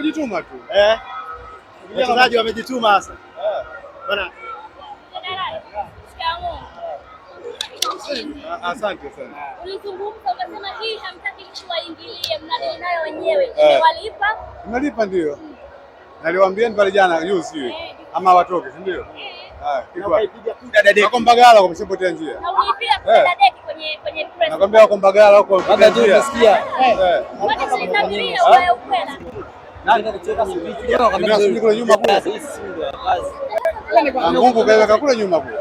kujituma tu. Eh. Wachezaji wamejituma sasa. Eh. Bana. Asante sana. Ulizungumza ukasema hii hamtaki mtu aingilie, mnadili nayo wenyewe. Eh. Walipa? Mnalipa ndio. Mm. Naliwaambia ni pale jana juzi eh. ama watoke, si ndio? Wako Mbagala wameshapotea njia. Eh. Nakwambia wako Mbagala huko. Mungu kaiweka kule nyuma kule.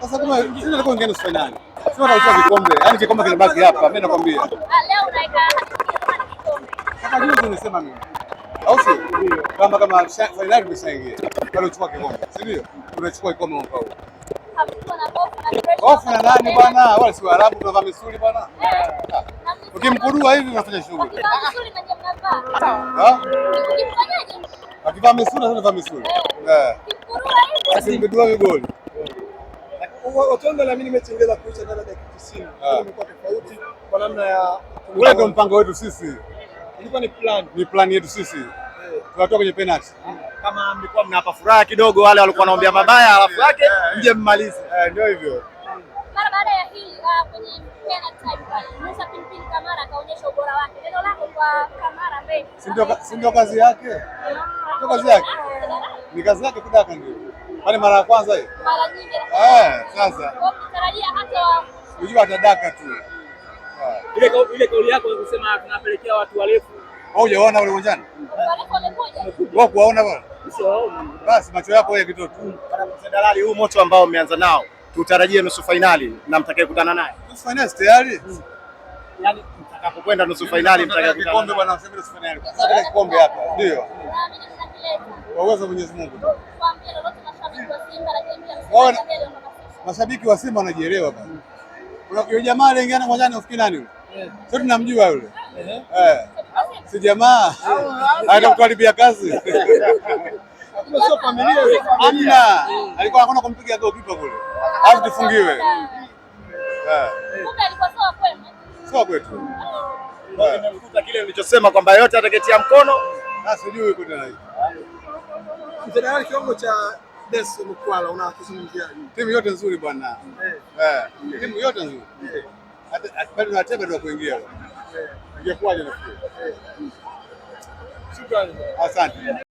Sasa kama sisi ndio kwingine usifanye nani? Sio unachukua kikombe. Yaani kikombe kinabaki hapa, mimi nakwambia. Leo unaweka hapa kikombe. Sasa nimesema mimi. Au sio? Kama kama finali tumeshaingia. Pale uchukua kikombe. Si ndio? Unachukua kikombe mpaka huko. Hofu na nani bwana? Wala si Waarabu tunavaa misuli bwana. Eh. Ukimkurua hivi unafanya shughuli. Akivaa misuli anavaa misuli. Eh. Akimkurua eh. hivi goli. Ule ah. ndio mpango wetu sisi. Ilikuwa ni plan. Ni plan yetu sisi. Eh. Tunatoka kwenye penalty. Ah, kama mlikuwa mnapa furaha kidogo, wale walikuwa wanaombea mabaya alafu yake eh. mje mmalize. Eh, ndio hivyo. Mara baada ya uh, kwenye penalty time Musa Kamara akaonyesha ubora wake. Neno lako kwa Kamara Si ndio kazi yake? Ndio kazi yake. Ni kazi yake kudaka ndio. Kwani mara ya kwanza hiyo? Mara nyingi. Eh, sasa. Unatarajia hata unajua atadaka tu. Ile ile kauli yako kusema tunapelekea watu warefu. Haujaona ule uwanjani? Warefu wamekuja. kuwaona bwana? Basi macho yako wewe kitoto. Dalali huu moto ambao umeanza nao tutarajie nusu fainali na mtakayekutana naye nusu fainali tayari. Hmm. yani mtakapokwenda nusu fainali mtakayekutana kikombe bwana, mseme nusu fainali kwa sababu kikombe hapa, ndio kwa uwezo wa Mwenyezi Mungu. Mashabiki wa Simba wanajielewa bwana, kuna jamaa aliingia mwanjani, ufikiri nani yule? Eh. Sio tunamjua yule eh, eh. si jamaa atakukaribia kazi Hamna. Alikuwa anakwenda kumpiga goalkeeper kule. Alafu tufungiwe. Sawa kwetu. Eh. Nimekuta kile nilichosema kwamba yote ataketia mkono. Sasa ah, sijui yuko tena hivi. Mtendaji kiwango cha Desi Mkwala unakizungumziaje? Timu yote nzuri bwana. Eh. eh. Timu yote nzuri. Eh. bado na tebe ndio kuingia. Ingekuwaje nafikiri. Shukrani. Asante.